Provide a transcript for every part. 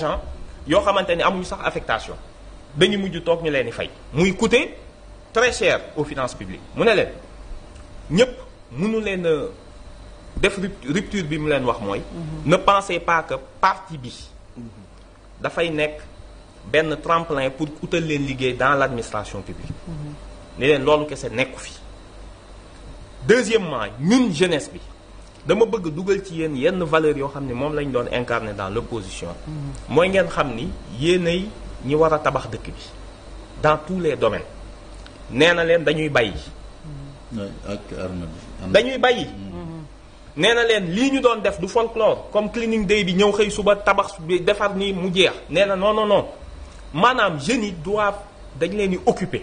gens yoo xamante ni amuñu sax affectation dañu mujj toog ñu leen di fay muy coûter très cher au finance publiques mu ne leen ñëpp munu leen a def rupture bi mu leen wax mooy mhm. ne pensez pas que bi mhm. dafay nekk benn tremplin pour utal leen liggéey dans l'administration publique mhm. ni leen loolu kese nekku fi deuxièmement ñun jeunesse bi dama bëgg dugal ci yéen yenn valeurs yoo xam ne moom lañ doon incarner dans l'opposition mooy ngeen xam ni yéenay ñi war a tabax dëkk bi dans tous les domaines nee na leen dañuy bàyyi dañuy bàyyi mm-hmm. nee na leen lii ñu doon def du folklore comme cleaning day bi ñëw xëy suba tabax bi defar ni mu jeex nee na non non non maanaam jeunes yi doivent dañ leen di occuper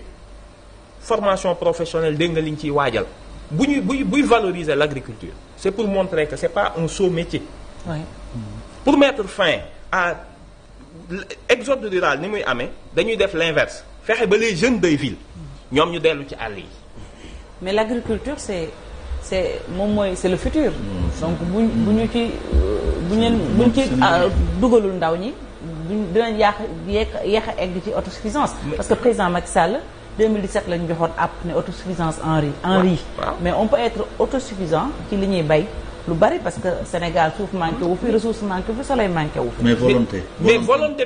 formation professionnelle dégg nga liñ ciy waajal bu ñuy buy buy valoriser l' agriculture est pour montrer que c' pas un sot métier. pour mettre fin à exode rural ni muy amee dañuy def l' inverse fexe ba les jeunes des villes ñoom ñu dellu ci àll yi. mais l' agriculture est est moom mooy c' est le futur. donc buñ ñu ci buñ buñ ci ah, dugalul ndaw ñi. duñ dinañ yàq yéex yéex a egg ci autosuffisance. parce que président Macky Sall. 2017 lañ joxoon app ne autosuffisance en riz mais on peut être autosuffisant ci li ñuy bay lu bari parce que Sénégal suuf manqué wu fi ressource manqué wu fi soleil manqué wu fi mais volonté bi